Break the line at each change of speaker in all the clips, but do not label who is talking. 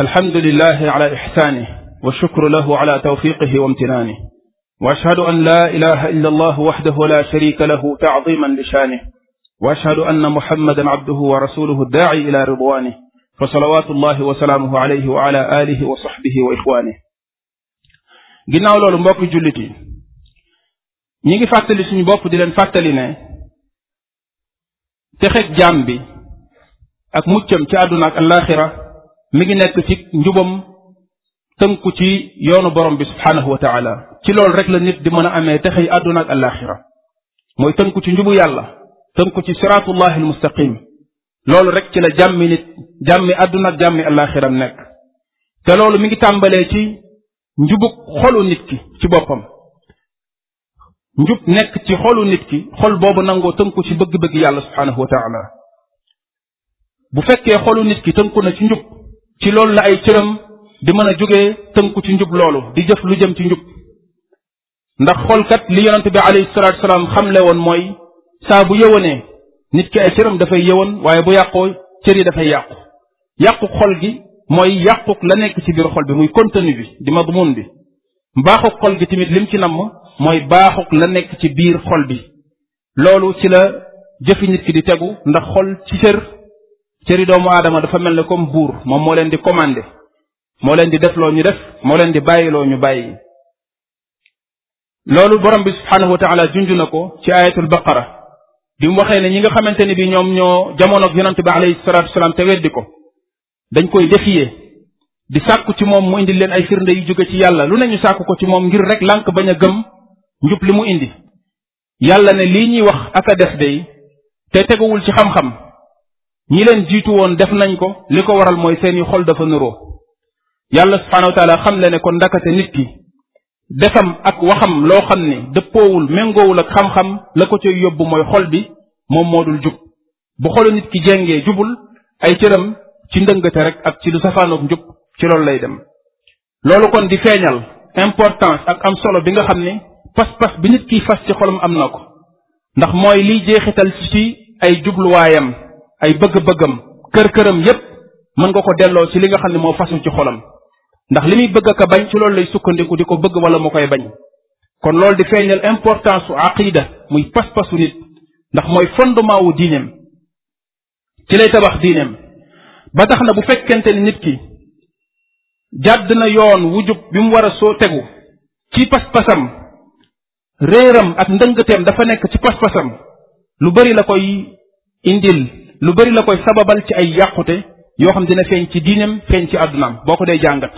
alhamdulilahi ala ixsaani wa shukru lahu ala tawfiqihi wa imtinaani wa ashhadu an laa ilaha illa allah waxdahu la sharika lahu taadiman li shaani wa ashhadu anna muhammadan abduhu wa rasuluhu daaci ila ridwaani fa salawaatu allahi wa salaamuhu alayhi wa ala alihi wa saxbihi wa ixwaani ginnaaw loolu mbokki jullit yi ñi ngi fàttali suñu bopp di leen fàttali ne texeg jaam bi ak muccam ci àdduna ak alaxira mi ngi nekk ci njubam tënku ci yoonu borom bi subhaanahu wa taala ci loolu rek la nit di mën a amee texey àdduna ak alaxira mooy tënku ci njubu yàlla tënku ci siratullahi almustaqim loolu rek ci la jàmmi nit jàmmi àdduna ak jàmmi alaxiram nekk te loolu mi ngi tàmbalee ci njubug xolu nit ki ci boppam njub nekk ci xolu nit ki xol boobu nangoo tënku ci bëgg-bëgg yàlla subhaanahu wa taala bu fekkee xolu nit ki tënku na ci njub ci loolu la ay cëram di mën a jóge tënku ci njub loolu di jëf lu jëm ci njub ndax xoolkat li yonent bi alayhi salaatu salaam xamle woon mooy saa bu yëwanee nit ki ay cëram dafay yëwan waaye bu yàqoo cër yi dafay yàqu yàqu xol gi mooy yàqu la nekk ci biir xol bi muy contenu bi di madmun bi baaxu xol gi tamit lim ci namm mooy baaxu la nekk ci biir xol bi loolu ci la jëfi nit ki di tegu ndax xol ci cër cëri doomu aadama dafa mel ne comme buur moom moo leen di commandé moo leen di defloo ñu def moo leen di bàyyiloo ñu bàyyi loolu borom bi subhaanahu wa taala junj na ko ci ayatul baqara bi mu waxee ne ñi nga xamante ni bi ñoom ñoo jamonoog yonante bi alayhi salaatu wasalaam te weddi ko dañ koy defiyee di sàkku ci moom mu indi leen ay firnde yu jóge ci yàlla lu ne ñu sàkku ko ci moom ngir rek lànk bañ a gëm njub li mu indi yàlla ne lii ñuy wax ak a def day te teguwul ci xam ñi leen jiitu woon def nañ ko li ko waral mooy seeni xol dafa nuroo yàlla subhaanahu wa taala xam le ne kon ndakate nit ki defam ak waxam loo xam ne dëppoowul méngoowul ak xam-xam la ko ci yóbbu mooy xol bi moom moo dul jub bu xolu nit ki jéngee jubul ay cëram ci ndëngate rek ak ci lu safaanoog njub ci loolu lay dem loolu kon di feeñal importance ak am solo bi nga xam ne pas-pas bi nit kiy fas ci xolam am na ko ndax mooy liy jeexital ci ay jubluwaayam ay bëgg-bëggam kër-këram yépp mën nga ko delloo ci li nga xam ne moo fasu ci xolam ndax li muy bëgg ka bañ ci loolu lay sukkandiku di ko bëgg wala mu koy bañ kon loolu di feeñal importance su aqida muy pas-pasu nit ndax mooy fondement wu diineem ci lay tabax diineem ba tax na bu fekkente ni nit ki jàdd na yoon wu jub bi mu war a soo tegu ci pas-pasam réeram ak ndëngteem dafa nekk ci pas-pasam lu bari la koy indil lu bari la koy sababal ci ay yàqute yoo xam dina feeñ ci diineem feeñ ci àddunaam boo ko dee jàngat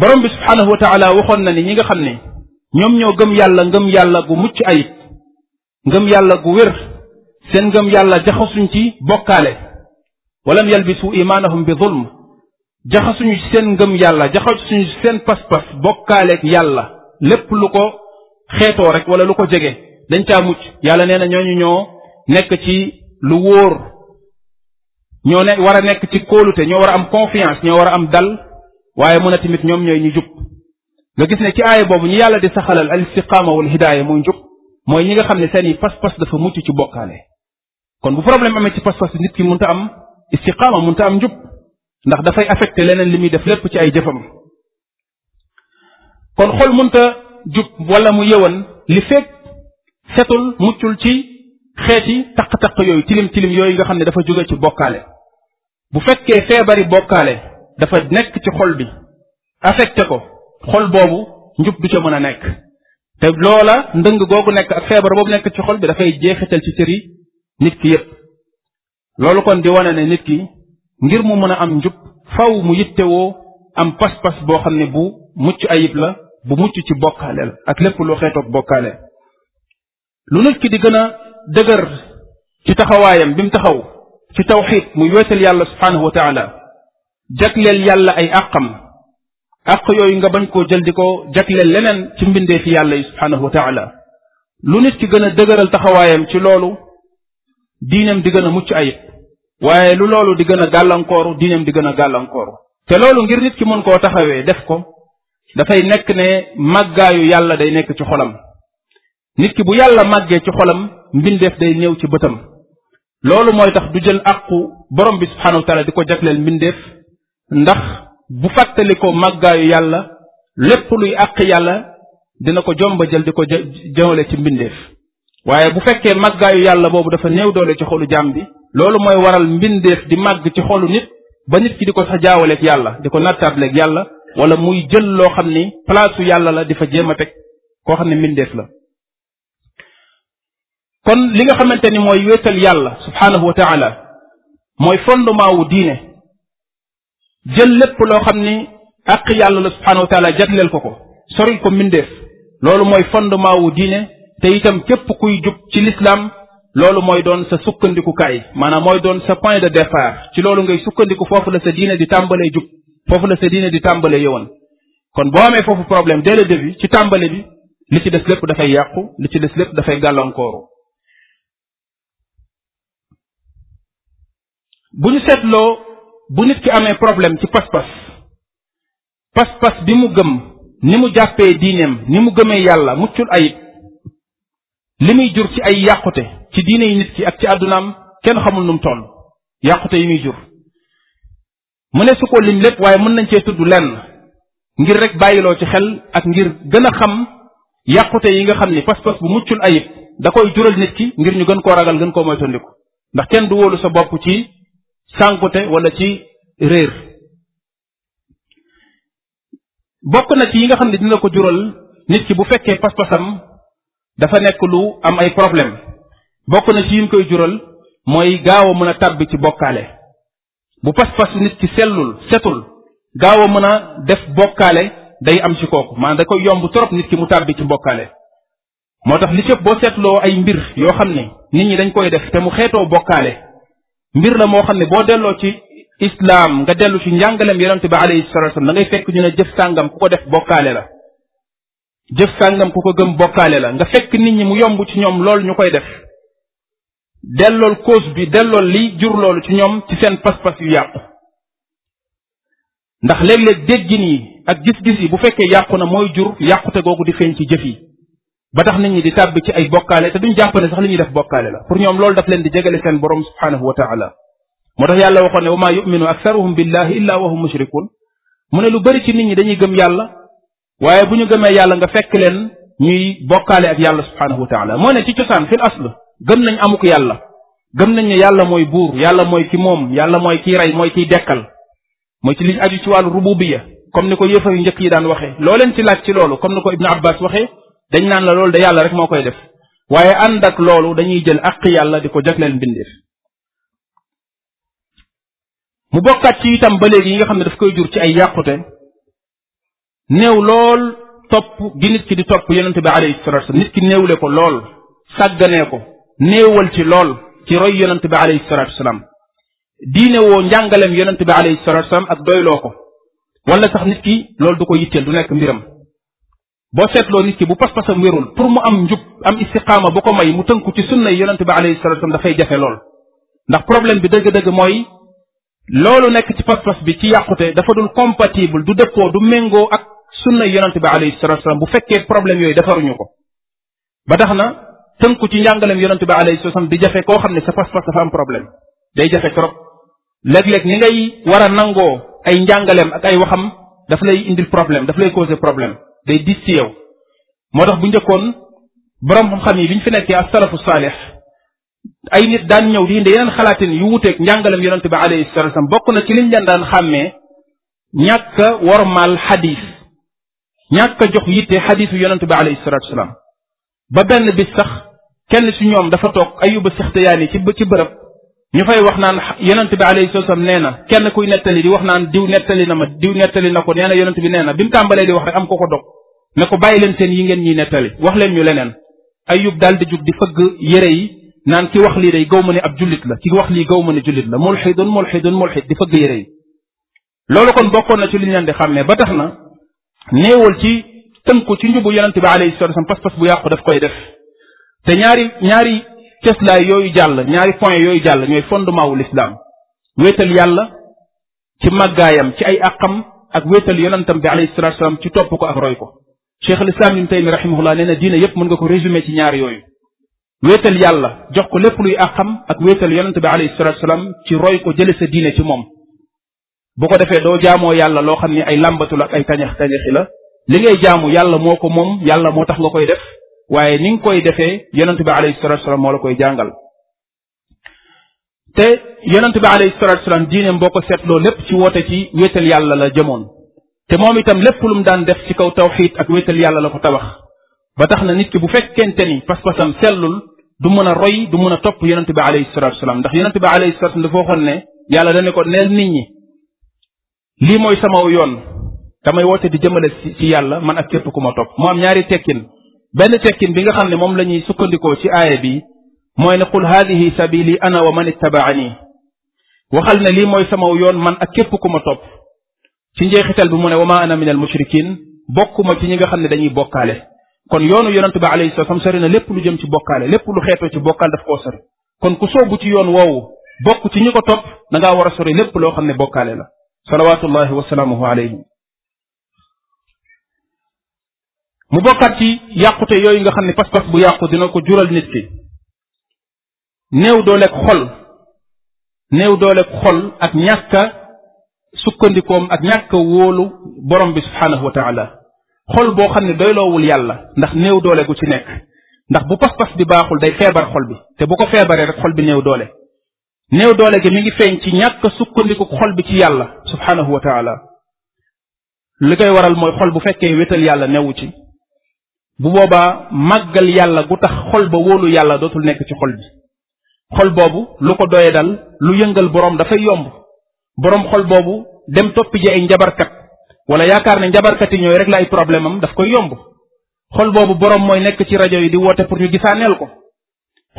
borom bi subhaanahu taala waxoon na ni ñi nga xam ne ñoom ñoo gëm yàlla ngëm yàlla gu mucc ayib ngëm yàlla gu wér seen ngëm yàlla jaxasuñ ci bokkaale walam yalbisu imaanahum bi zulm jaxasuñu ci seen ngëm yàlla jaxasuñu ci seen pas-pas bokkaaleeg yàlla lépp lu ko xeetoo rek wala lu ko jege dañ caa mucc yàlla nee na ñooñu ñoo nekk ci lu wóor ñoo ne war a nekk ci kóolute ñoo war am confiance ñoo war a am dal waaye mën a tamit ñoom ñooy ñu jub nga gis ne ci aaya boobu ñu yàlla di saxalal al istiqaama wal hidaaya muy njub mooy ñi nga xam ne seen yi pas-pas dafa mucc ci bokkaale kon bu problème amee ci pas-pas nit ki mun ta am istiqaama mënta am njub ndax dafay affecté leneen li muy def lépp ci ay jëfam kon xol mënta jub wala mu yëwan li fekk setul muccul ci xeeti taq-taq yooyu tilim tilim yooyu nga xam ne dafa jóge ci bokkaale bu fekkee feebari bokkaale dafa nekk ci xol bi affecté ko xol boobu njub du ca mën a nekk te loola ndëng googu nekk ak feebar boobu nekk ci xol bi dafay jeexital ci cëri nit ki yépp loolu kon di wane ne nit ki ngir mu mën a am njub faw mu yittewoo am pas-pas boo xam ne bu mucc ayib la bu mucc ci bokkaale la ak lépp lu xeetoog bokkaale lu nit ki di gën dëgër ci taxawaayam bi mu taxaw ci tawxid muy weetal yàlla subhaanahu wa taala jagleel yàlla ay àqam àq yooyu nga bañ koo jël di ko jagleel leneen ci mbindee fi yàlla yi subhaanahu wa taala lu nit ki gën a dëgëral taxawaayam ci loolu diineem di gën a mucc ayib waaye lu loolu di gën a gàllankooru diineem di gën a gàllankooru te loolu ngir nit ki mën koo taxawee def ko dafay nekk ne màggaayu yàlla day nekk ci xolam nit ki bu yàlla màggee ci xolam mbindeef day ñëw ci bëtam loolu mooy tax du jël àqu borom bi subhaanahu wa di ko jagleel mbindeef ndax bu fàttali ko màggaayu yàlla lépp luy àq yàlla dina ko jomba jël di ko jëmale ci mbindeef waaye bu fekkee màggaayu yàlla boobu dafa néew doole ci xolu jaam bi loolu mooy waral mbindeef di màgg ci xolu nit ba nit ki di ko sax jaawaleeg yàlla di ko nattaableeg yàlla wala muy jël loo xam ni place yàlla la di fa jéem a teg koo xam ne mbindeef la kon li nga xamante ni mooy wéetal yàlla subhaanahu wa taala mooy fondement wu diine jël lépp loo xam ni àq yàlla la subhaanahu wa taala jagleel ko ko soril ko mbindeef loolu mooy fondement wu diine te itam képp kuy jub ci lislaam loolu mooy doon sa sukkandikukaay maanaam mooy doon sa point de départ ci loolu ngay sukkandiku foofu la sa diine di tàmbalee jub foofu la sa diine di tàmbalee yowoon kon boo amee foofu problème dès le début ci tàmbale bi li ci des lépp dafay yàqu li ci des lépp dafay gàllankooru bu ñu seetloo bu nit ki amee problème ci pas-pas pas-pas bi mu gëm ni mu jàppee diineem ni mu gëmee yàlla muccul ayib li muy jur ci ay yàqute ci diine yi nit ki ak ci àddunaam kenn xamul nu mu toll yàqute yi muy jur mu ne su ko lim lépp waaye mën nañ cee tudd lenn ngir rek bàyyiloo ci xel ak ngir gën a xam yàqute yi nga xam ni pas-pas bu muccul ayib da koy jural nit ki ngir ñu gën koo ragal gën koo moytandiku ndax kenn du wóolu sa bopp ci sànkute walla ci réer bokk na ci yi nga xam ne dina ko jural nit ki bu fekkee pas-pasam dafa nekk lu am ay problème bokk na ci yi mu koy jural mooy gaaw a mën a tàbbi ci bokkaale bu pas-pas nit ki sellul setul gaaw a mën a def bokkaale day am ci kooku maanaam da koy yomb trop nit ki mu tàbbi ci bokkaale moo tax li cëpp boo seetloo ay mbir yoo xam ne nit ñi dañ koy def te mu xeetoo bokkaale mbir la moo xam ne boo delloo ci islaam nga dellu ci njàngaleem yonent bi alayhi sa wasallam da ngay fekk ñu ne jëf sàngam ku ko def bokkaale la jëf sàngam ku ko gëm bokkaale la nga fekk nit ñi mu yomb ci ñoom loolu ñu koy def dellool cause bi dellool li jur loolu ci ñoom ci seen pas-pas yu yàqu ndax léeg-léeg déggin yi ak gis-gis yi bu fekkee yàqu na mooy jur yàqute googu di feeñ ci jëf yi ba tax nit ñi di tàbb ci ay bokkaale te duñ jàpp ne sax li ñuy def bokkaale la pour ñoom loolu daf leen di jegale seen borom subhaanahu wa taala moo tax yàlla waxoon ne wa maa yuminu aksaruhum billahi illa wa hum mu ne lu bari ci nit ñi dañuy gëm yàlla waaye bu ñu gëmee yàlla nga fekk leen ñuy bokkaale ak yàlla subhaanahu wa taala moo ne ci cosaan fil asl gëm nañ amuk yàlla gëm nañ ne yàlla mooy buur yàlla mooy ki moom yàlla mooy kiy rey mooy kiy dekkal mooy ci li aju ci ko yëfa yu njëkk yi daan waxee leen ci laaj ci loolu comme ko Ibn Abbas waxee dañ naan la loolu de yàlla rek moo koy def waaye ànd ak loolu dañuy jël àq yàlla di ko jagleel mbindeef mu bokkaat ci itam ba léegi yi nga xam ne daf koy jur ci ay yàqute néew lool topp gi nit ki di topp yonente bi alayhi salatu wasalam nit ki néewle ko lool sàgganee ko néewal ci lool ci roy yonente bi alayhi salatu wasalam diine woo njàngalem yonente bi alayhi salatu wasalam ak doyloo ko wala sax nit ki loolu du ko yitteel du nekk mbiram boo seetloo nit ki bu pas-pasam wérul pour mu am njub am istiqaama bu ko may mu tënku ci sunna yi yonente bi alayhi salatu wasallam dafay jafe lool ndax problème bi dëgg-dëgg mooy loolu nekk ci pas-pas bi ci yàqute dafa dul compatible du dëppoo du méngoo ak sunna yi yonente bi alayhi salatu bu fekkee problème yooyu defaruñu ko ba tax na tënku ci njàngaleem yonente bi alayhi di jafe koo xam ne sa pas-pas dafa am problème day jafe trop léeg-léeg ni ngay war a nangoo ay njàngaleem ak ay waxam daf lay indil problème daf lay causer problème day dis ci yow moo tax bu njëkkoon borom xam-xam yi bi ñu fi nekkee as salafu saalix ay nit daan ñëw di indi yeneen xalaatin yu wuteeg njàngalam yonente bi alayhi salatu wasalam bokk na ci liñ leen daan xàmmee ñàkk a wormaal xadis ñàkk a jox yitte xadisu yonente bi alayhi salatu wasalam ba benn bis sax kenn ci ñoom dafa toog ayuba sixtayaani ci ci bërëb ñu fay wax naan yonente bi alayhi salatu wasalam nee na kenn kuy nettali di wax naan diw nettali na ma diw nettali na ko nee na yonente bi nee na bi mu di wax rek am ko ko dog ne ko bàyyi leen seen yi ngeen ñuy nettali wax leen ñu leneen ayub daal di jug di fëgg yére yi naan ki wax lii day gaw ma ne ab jullit la ki wax lii gaw ma ne jullit la mulxidun mulxidun mulxid di fëgg yére yi loolu kon bokkoon na ci li ñu leen di xàmmee ba tax na néewal ci tënku ci njubu yonente bi alayhi salatu wasallam pas-pas bu yàqu daf koy def te ñaari ñaari cëslaay yooyu jàll ñaari point yooyu jàll ñooy fondement wu l'islam wéetal yàlla ci màggaayam ci ay àqam ak wéetal yonentam bi alayhi salatu ci topp ko ak roy ko cheikh al islam ibn taymi rahimahullah nee na diine yépp mën nga ko résumer ci ñaar yooyu wéetal yàlla jox ko lépp luy àqam ak wéetal yonente bi alayhi salatu salaam ci roy ko jële sa diine ci moom bu ko defee doo jaamoo yàlla loo xam ne ay làmbatul ak ay tañax-tañaxi la li ngay jaamu yàlla moo ko moom yàlla moo tax nga koy def waaye ni nga koy defee yonente bi alayhi salatu moo la koy jàngal te yonente bi alayhi salatu salaam diineem boo ko seetloo lépp ci woote ci wéetal yàlla la jëmoon te moom itam lépp lu mu daan def ci kaw tawxiid ak wéetal yàlla la ko tabax ba tax na nit ki bu fekkente ni pas-pasam sellul du mën a roy du mën a topp yonente bi alayhi salatu wasalaam ndax yonente bi alayhi salatu wasalaam dafa waxoon ne yàlla dane ko neel nit ñi lii mooy sama yoon damay woote di jëmale ci yàlla man ak képp ku ma topp mu am ñaari tekkin benn tekkin bi nga xam ne moom la ñuy sukkandikoo ci aaya bi mooy ne qul haadihi sabili ana wa man ittabaani waxal ne lii mooy sama yoon man ak képp ku ma topp ci njeexital bi mu ne wa ma ana min al mushrikin bokkuma ci ñi nga xam ne dañuy bokkaale kon yoonu yonent bi alayhi salaam sori na lépp lu jëm ci bokkaale lépp lu xeetoo ci bokkaal daf koo sori kon ku soobu ci yoon woowu bokk ci ñi ko topp da ngaa war a sori lépp loo xam ne bokkaale la salawaatullahi wa salaamuhu alayhi mu bokkaat ci yàqute yooyu nga xam ne pas-pas bu yàqu dina ko jural nit ki néew dooleeg xol néew dooleeg xol ak ñàkka sukkandikoom ak ñàkk wóolu borom bi subhaanahu wa taala xol boo xam ne doyloowul yàlla ndax néew doole gu ci nekk ndax bu pas-pas bi baaxul day feebar xol bi te bu ko feebaree rek xol bi néew doole néew doole gi mi ngi feeñ ci ñàkk sukkandiku xol bi ci yàlla subhaanahu wa taala li koy waral mooy xol bu fekkee wétal yàlla newwu ci bu boobaa màggal yàlla gu tax xol ba wóolu yàlla dootul nekk ci xol bi xol boobu lu ko doye dal lu yëngal borom dafay yomb boroom xol boobu dem toppi ji ay njabarkat wala yaakaar ne njabarkat yi ñooy rek la ay problème am daf koy yomb xol boobu boroom mooy nekk ci rajo yi di woote pour ñu gisaaneel ko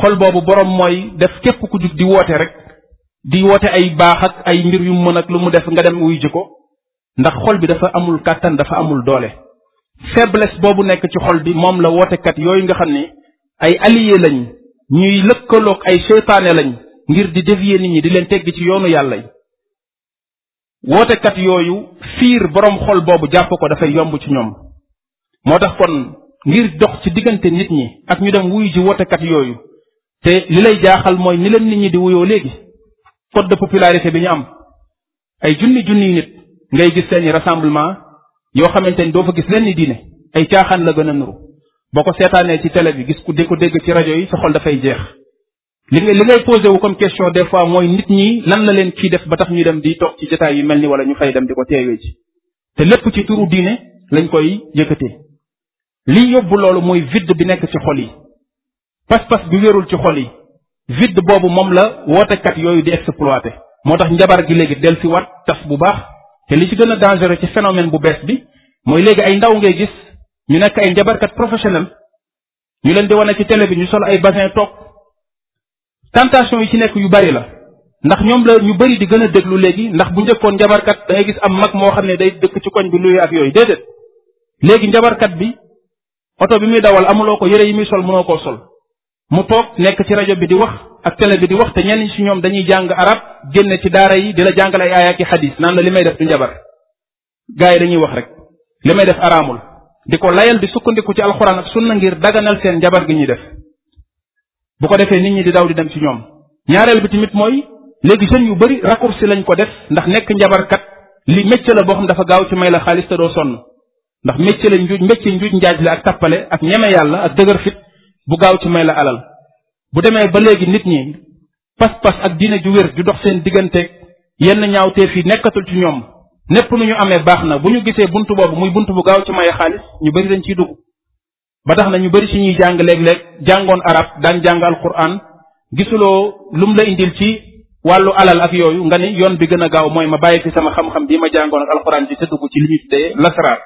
xol boobu boroom mooy def képp ku jug di woote rek di woote ay baax ak ay mbir yu mën ak lu mu def nga dem wuy ji ko ndax xol bi dafa amul kàttan dafa amul doole faiblesse boobu nekk ci xol bi moom la wootekat yooyu nga xam ni ay allié lañ ñuy lëkkaloog ay seytaane lañ ngir di dévier nit ñi di leen tegg ci yoonu yàlla wootekat yooyu fiir boroom xol boobu jàpp ko dafay yomb ci ñoom moo tax kon ngir dox ci diggante nit ñi ak ñu dem wuyu ji wootekat yooyu te li lay jaaxal mooy ni leen nit ñi di wuyoo léegi code de popularité bi ñu am ay junni junni nit ngay gis seeni rassemblement yoo xamante ni doo fa gis leen ni diine ay caaxaan la gën a nuru boo ko seetaanee ci tele bi gis ku di ko dégg ci rajo yi sa xol dafay jeex li nga li ngay posé wu comme question des fois mooy nit ñi lan la leen kii def ba tax ñu dem di toog ci jotaay yu mel ni wala ñu fay dem di ko teewee ci te lépp ci turu diine lañ koy yëkkatee li yóbbu loolu mooy vide bi nekk ci xol yi pas-pas bi wérul ci xol yi vide boobu moom la wootekat yooyu di exploité moo tax njabar gi léegi del si wat tas bu baax te li ci gën a dangereux ci phénomène bu bees bi mooy léegi ay ndaw ngay gis ñu nekk ay njabarkat professionnel ñu leen di wane ci télé bi ñu sol ay basin toog tentation yi ci nekk yu bari la ndax ñoom la ñu bari di gën a déglu léegi ndax bu njëkkoon njabarkat da gis am mag moo xam ne day dëkk ci koñ bi luye ak yooyu déedéet léegi njabarkat bi oto bi muy dawal amuloo ko yére yi muy sol mënoo koo sol mu toog nekk ci rajo bi di wax ak télé bi di wax te ñenn ci ñoom dañuy jàng arab génne ci daara yi di la jàngale ay aaya ki xadis naan la li may def du njabar gars yi dañuy wax rek li may def araamul di ko layal di sukkandiku ci alxuraan ak sunna ngir daganal seen njabar gi ñuy def bu ko defee nit ñi di daw di dem ci ñoom ñaareel bi mooy léegi jeunes yu bari raccourci lañ ko def ndax nekk njabarkat li métier la boo xam dafa gaaw ci may la xaalis te doo sonn ndax métier la njuuj métier njuuj njaaj la ak tappale ak ñeme yàlla ak dëgër fit bu gaaw ci may la alal bu demee ba léegi nit ñi pas-pas ak diine ju wér ju dox seen digganteeg yenn ñaawteef yi nekkatul ci ñoom népp nu ñu amee baax na bu ñu gisee bunt boobu muy bunt bu gaaw ci maye xaalis ñu bari ciy dugg ba tax na ñu bari si ñuy jàng léeg-léeg jàngoon arab daan jàng alquran gisuloo lum la indil ci wàllu alal ak yooyu nga ni yoon bi gën a gaaw mooy ma bàyyi fi sama xam-xam bi ma jàngoon ak alquran bi te dugg ci li ñu tuddee lasraar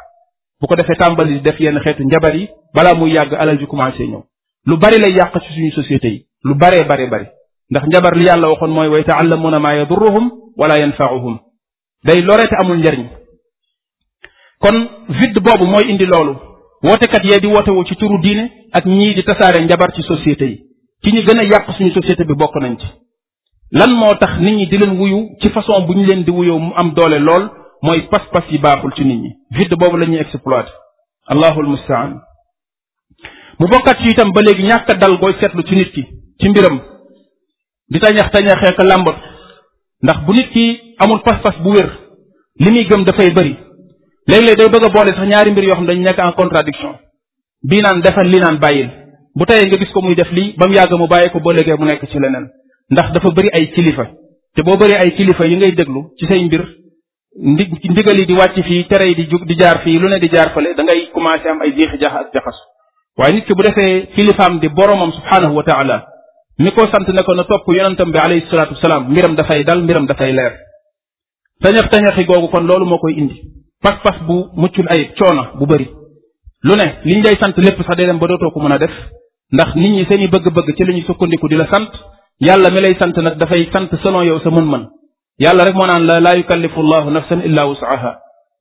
bu ko defee tàmbali def yenn xeetu njabar yi balaa muy yàgg alal ji commencé ñëw lu bari lay yàq ci suñu société yi lu baree bare bari ndax njabar li yàlla waxoon mooy wa yata'allamuna ma yadurruhum wala yanfa'uhum day lore te amul njariñ kon vide boobu mooy indi loolu wootekat yee di wootewu ci turu diine ak ñii di tasaare njabar ci société yi ci ñi gën a yàq suñu société bi bokk nañ ci lan moo tax nit ñi di leen wuyu ci façon bu ñu leen di wuyoo mu am doole lool mooy pas-pas yi baaxul ci nit ñi vide boobu la ñuy exploité allahul mustaan mu bokkat ci itam ba léegi ñàkk dal gooy seetlu ci nit ki ci mbiram di tañax tañaxee ko làmbat ndax bu nit ki amul pas-pas bu wér li muy gëm dafay bëri léeg-léeg day bëgg boole sax ñaari mbir yoo xam dañ nekk en contradiction bii naan defal li naan bàyyil bu teyee nga gis ko muy def lii ba yàgg mu bàyyi ko ba léegi mu nekk ci leneen ndax dafa bëri ay kilifa te boo bëri ay kilifa yi ngay déglu ci say mbir ndi ndigal yi di wàcc fii tere yi di jug di jaar fii lu ne di jaar fale da ngay commencé am ay jeexi jaax ak jaxasu waaye nit ki bu defee kilifaam di boromam subhaanahu wa taala mi ko sant ne ko na topp yonentam bi alayhi salaatu wasalaam mbiram dafay dal mbiram dafay leer tañax tañaxi googu kon loolu moo koy indi pas-pas bu muccul ayib coono bu bëri lu ne li liñ day sant lépp sax day dem ba dootoo ko mën a def ndax nit ñi seeni bëgg-bëgg ci la ñuy sukkandiku di la sant yàlla mi lay sant nag dafay sant selon yow sa mën-mën yàlla rek moo naan la laa yukallifu llahu nafsan illa wusaha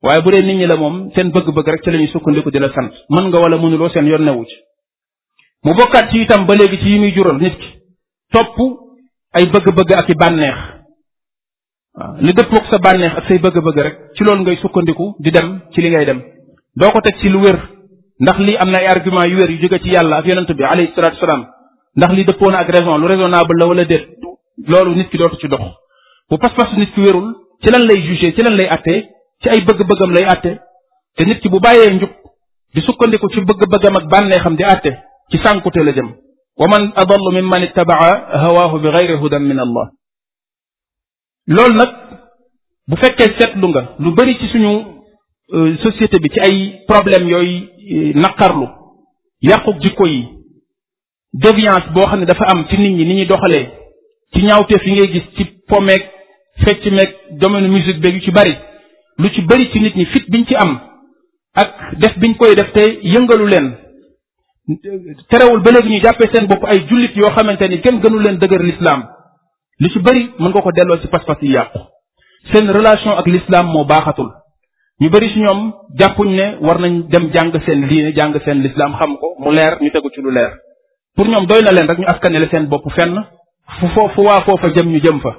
waaye bu dee nit ñi la moom seen bëgg-bëgg rek ci la sukkandiku di la mën nga wala mënuloo seen yoon newu ci mu bokkaat ci itam ba léegi ci yi muy jural nit ki topp ay bëgg-bëgg ak i bànneex waaw li dëppook sa bànneex ak say bëgg-bëgg rek ci loolu ngay sukkandiku di dem ci li ngay dem doo ko teg ci lu wér ndax lii am na ay argument yu wér yu jóge ci yàlla ak yonent bi alayhi salaatu salaam ndax li dëppoo na ak raison lu raisonnable la wala déet loolu nit ki dootu ci dox bu pas-pas nit ki wérul ci lan lay jugé ci lan lay attee ci ay bëgg-bëggam lay atte te nit ki bu bàyyee njub di sukkandiku ci bëgg-bëggam ak bànneexam di atte ci sànkute la jëm wa man adallu mimman ittabaa hawaahu bi gayri hudan min allah loolu nag bu fekkee seetlu nga lu bari ci suñu euh, société bi ci ay problème yooyu euh, naqarlu yàqu jikko yi déviance boo xam ne dafa am ci nit ñi ni ñuy doxalee ci ñaawteef yi ngay gis ci pomeeg fecc meeg domaine musique beeg yu ci bari lu ci bari ci nit ñi fit biñ ci am ak def biñ koy def te yëngalu leen terewul ba léegi ñu jàppee seen bopp ay jullit yoo xamante ni kenn gënu leen dëgër lislaam li ci bëri mën nga ko delloo ci pas-pas yi yàqu seen relation ak l'islam moo baaxatul ñu bëri ci ñoom jàppuñ ne war nañ dem jàng seen diine jàng seen lislaam xam ko mu leer ñu tegu ci lu leer pour ñoom doy na leen rek ñu askanele seen bopp fenn fu foofu waa foofa jëm ñu jëm fa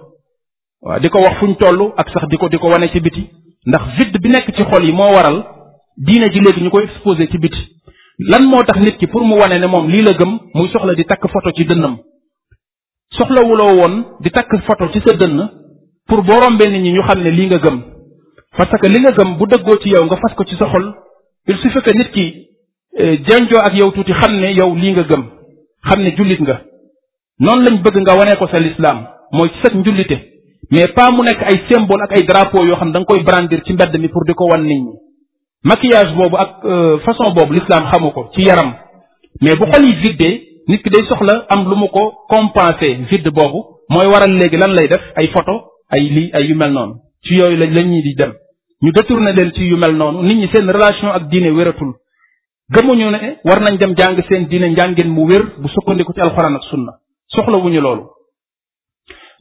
waaw di ko wax fu ñu toll ak sax di ko di ko wane ci biti ndax vide bi nekk ci xol yi moo waral diine ji léegi ñu koy exposé ci biti lan moo tax nit ki pour mu wane ne moom lii la gëm muy soxla di takk photo ci dënnam soxlawuloo woon di takk foto ci sa dënn pour boo rombee nit ñi ñu xam ne lii nga gëm parce que li nga gëm bu dëggoo ci yow nga fas ko ci sa xol il suffit que nit ki eh, janjoo ak yow tuuti xam ne yow lii nga gëm xam ne jullit nga noonu lañ bëgg nga wanee ko sa lislaam mooy ci sa njullite mais pas mu nekk ay symbole ak ay drapeau yoo xam da nga koy brandir ci mbedd mi pour di ko wan nit ñi maquillage boobu ak euh, façon boobu lislaam xamu ko ci yaram mais bu xol yi nit ki day soxla am lu mu ko compenser vide boobu mooy waral léegi lan lay def ay photo ay lii ay yu mel noonu ci yooyu lañ lañ ñi di dem ñu na leen ci yu mel noonu nit ñi seen relation ak diine wératul gëmuñu ne war nañ dem jàng seen diine njàngeen mu wér bu sukkandiku ci alxuraan ak sunna soxlawuñu loolu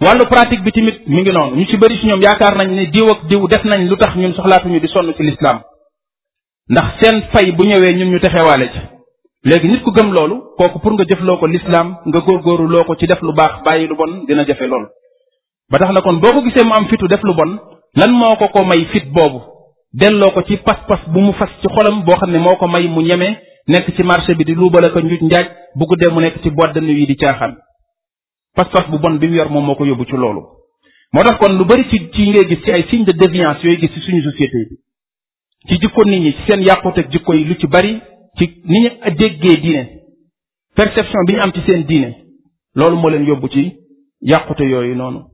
wàllu pratique bi tamit mi ngi noonu ñu ci bëri ci ñoom yaakaar nañ ne diw ak diw def nañ lu tax ñun soxlaatuñu di sonn ci lislaam ndax seen fay bu ñëwee ñun ñu texewaale léegi nit ku gëm loolu kooku pour nga jëfloo ko lislaam nga góorgóoru loo ko ci def lu baax bàyyi lu bon dina jafe lool ba tax na kon boo ko gisee mu am fitu def lu bon lan moo ko ko may fit boobu delloo ko ci pas-pas bu mu fas ci xolam boo xam ne moo ko may mu ñeme nekk ci marché bi di luubal ak njuuj njaaj bu guddee mu nekk ci boîte de nuit yi di caaxaan pas-pas bu bon bi mu yor moom moo ko yóbbu ci loolu moo tax kon lu bari ci ci ngay gis ci ay signe de déviance yooyu gis ci suñu société bi ci jikko nit ñi ci seen yàqute ak jikko yi lu ci bari ci ni ñu déggee diine perception bi ñu am ci seen diine loolu moo leen yóbbu ci yàqute yooyu noonu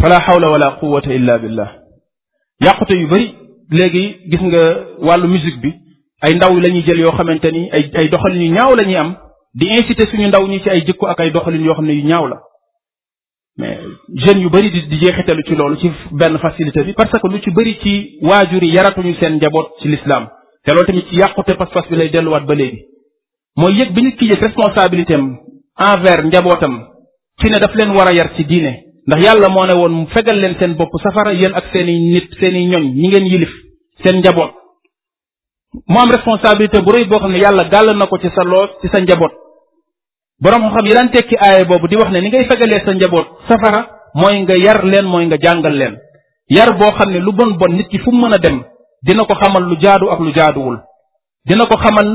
fala xawla wala quwata illa billah yàqute yu bari léegi gis nga wàllu musique bi ay ndaw la ñuy jël yoo xamante ni ay ay doxalin yu ñaaw la ñuy am di inciter ñu ndaw ñi ci ay jikko ak ay doxalin yoo xam ne yu ñaaw la mais jeunes yu bari di di jeexitalu ci loolu ci benn facilité bi parce que lu ci bëri ci waajur yi yaratuñu seen njaboot ci lislaam te loolu tamit ci yàqute pas-pas bi lay delluwaat ba léegi mooy yëg bi ñu ki yëg responsabilité am envers njabootam ci ne daf leen war a yar ci diine ndax yàlla moo ne woon mu fegal leen seen bopp safara yéen ak seeni nit seeni ñoñ ñi ngeen yilif seen njaboot moo am responsabilité bu rëy boo xam ne yàlla gàll na ko ci sa loos ci njaboot borom xam yi daan tekki aaya boobu di wax ne ni ngay fegalee sa njaboot safara mooy nga yar leen mooy nga jàngal leen yar boo xam ne lu bon bon nit ki fu mën a dem dina ko xamal lu jaadu ak lu jaaduwul dina ko xamal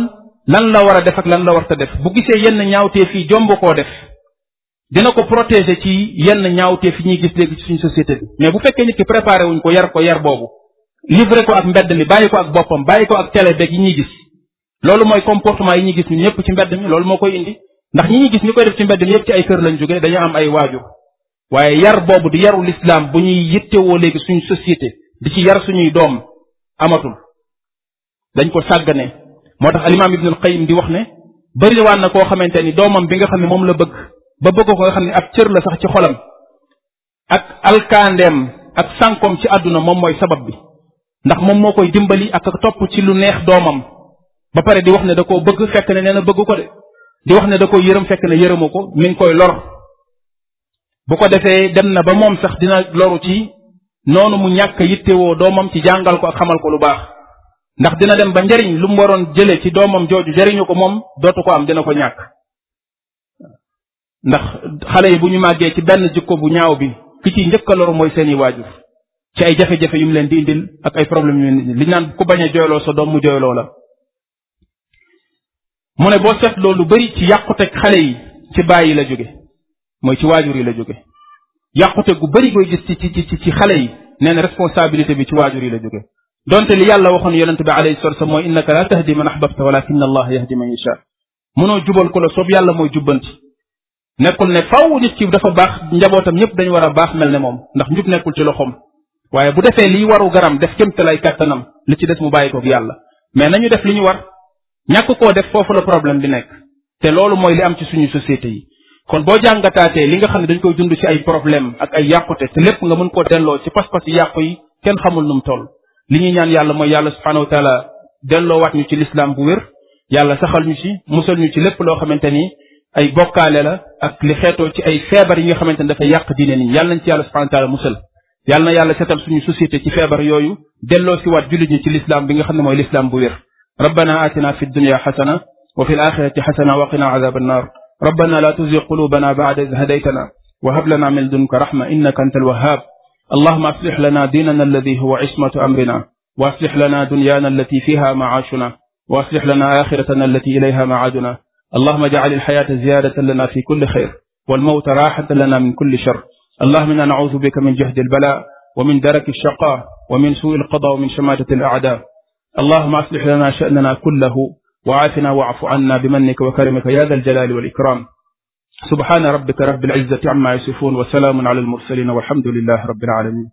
lan la war a def ak lan la war warta def bu gisee yenn ñaawtee fii jomb koo def dina ko protéger ci yenn ñaawtee fi ñuy gis léegi ci suñu société bi mais bu fekkee nit ki préparé wuñ ko yar ko yar boobu livré ko ak mbedd mi bàyyi ko ak boppam bàyyi ko ak télé yi ñuy gis loolu mooy comportement yi ñuy gis ñun ñëpp ci mbedd mi loolu moo koy indi ndax ñi ñu gis ñu koy def ci mbedd mi yëpp ci ay kër lañ jóge dañoo am ay waajur waaye yar boobu di yaru lislaam bu ñuy yittewoo léegi suñ société di ci yar suñuy doom amatul dañ ko sàggane moo tax alimaam ibnul qayyim di wax ne bëriwaan na koo xamante ni doomam bi nga xam ne moom la bëgg ba bëgg ko nga xam ne ab cër la sax ci xolam ak alkaandeem ak sànkoom ci àdduna moom mooy sabab bi ndax moom moo koy dimbali ak topp ci lu neex doomam ba pare di wax ne da koo bëgg fekk ne nee na bëgg ko de di wax ne da koy yërëm fekk na yërëmu ko mi ngi koy lor bu ko defee dem na ba moom sax dina loru ci noonu mu ñàkk yittewoo doomam ci jàngal ko ak xamal ko lu baax ndax dina dem ba njariñ lu mu waroon jële ci doomam jooju jariñu ko moom dootu ko am dina ko ñàkk ndax xale yi bu ñu màggee ci benn jikko bu ñaaw bi ki ci njëkka a loru mooy seeni waajur ci ay jafe-jafe yu mu leen di indil ak ay problème yu li naan ku bañ a jooyloo sa doom mu jooyloo la mu ne boo seetloo lu bari ci yàquteg xale yi ci bàyyi la jóge mooy ci waajur yi la jóge yàqute gu bari koy gis ci ci xale yi nee na responsabilité bi ci waajur yi la jóge donte li yàlla waxoon yonente bi alayhi salatu wasallam mooy innaka la tahdi man ahbabta walakin allah yahdi man yasha mënoo jubal ko la soob yàlla mooy jubbanti nekkul ne faw nit ki dafa baax njabootam ñëpp dañu war a baax mel ne moom ndax njub nekkul ci loxoom waaye bu defee liy waru garam def kémtalay kàttanam li ci des mu bàyyi koog yàlla ñàkk koo def foofu la problème bi nekk te loolu mooy li am ci suñu société yi kon boo jàngataatee li nga xam ne dañ koy dund ci ay problème ak ay yàqute te lépp nga mën koo delloo ci pas-pas yi yàqu yi kenn xamul nu mu toll li ñuy ñaan yàlla mooy yàlla subhaanahu wa taala wat ñu ci lislaam bu wér yàlla saxal ñu ci musal ñu ci lépp loo xamante ni ay bokkaale la ak li xeetoo ci ay feebar yi nga xamante ni dafay yàq diine ni yàlla nañ ci yàlla subhaanahu wa taala musal yàlla na yàlla setal suñu ci feebar yooyu delloo si waat jullit ñi ci bi nga xam ne mooy lislaam bu wér rabbana atina fi dunya xasana wa fi alaxirati xasana wa qina azab annar rabbana la tuzig qulubana bacda id hadaytana wa hab lana min ladunka rahma innaka anta alwahhab allahuma aslix lana diinana alladi huwa ismatu amrina wa aslix lana dunyaana allati fiha macaashuna wa aslix lana axiratana allati ilayha macaaduna allahuma jacal alxayaata ziyaadatan lana fi kulli xayr والموت راحة لنا من كل شر اللهم إنا نعوذ بك من جهد البلاء ومن درك الشقاء ومن سوء القضاء ومن شماتة الأعداء allahuma aslix lana sha'nana kullahu wa aafina waafu anna bi mannika wa karimika ya dal jalali wal ikram subhana rabbika rabbil izzati amma yasifun wa salaamun ala al mursalin walhamdulillahi rabbil alamin